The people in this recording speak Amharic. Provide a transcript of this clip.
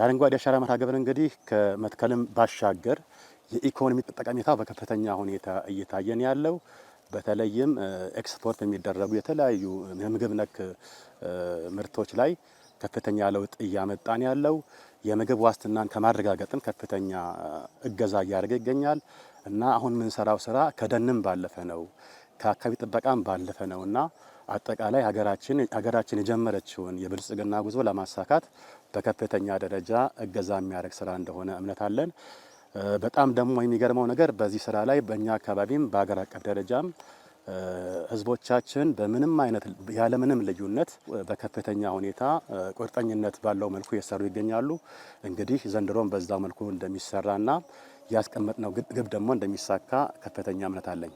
የአረንጓዴ አሻራ መርሃ ግብር እንግዲህ ከመትከልም ባሻገር የኢኮኖሚ ጠቀሜታ በከፍተኛ ሁኔታ እየታየን ያለው በተለይም ኤክስፖርት የሚደረጉ የተለያዩ የምግብ ነክ ምርቶች ላይ ከፍተኛ ለውጥ እያመጣን ያለው የምግብ ዋስትናን ከማረጋገጥም ከፍተኛ እገዛ እያደረገ ይገኛል እና አሁን የምንሰራው ስራ ከደንም ባለፈ ነው፣ ከአካባቢ ጥበቃም ባለፈ ነው እና አጠቃላይ ሀገራችን ሀገራችን የጀመረችውን የብልጽግና ጉዞ ለማሳካት በከፍተኛ ደረጃ እገዛ የሚያደርግ ስራ እንደሆነ እምነት አለን። በጣም ደግሞ የሚገርመው ነገር በዚህ ስራ ላይ በእኛ አካባቢም በሀገር አቀፍ ደረጃም ህዝቦቻችን በምንም አይነት ያለምንም ልዩነት በከፍተኛ ሁኔታ ቁርጠኝነት ባለው መልኩ እየሰሩ ይገኛሉ። እንግዲህ ዘንድሮም በዛ መልኩ እንደሚሰራና ያስቀመጥነው ግብ ደግሞ እንደሚሳካ ከፍተኛ እምነት አለኝ።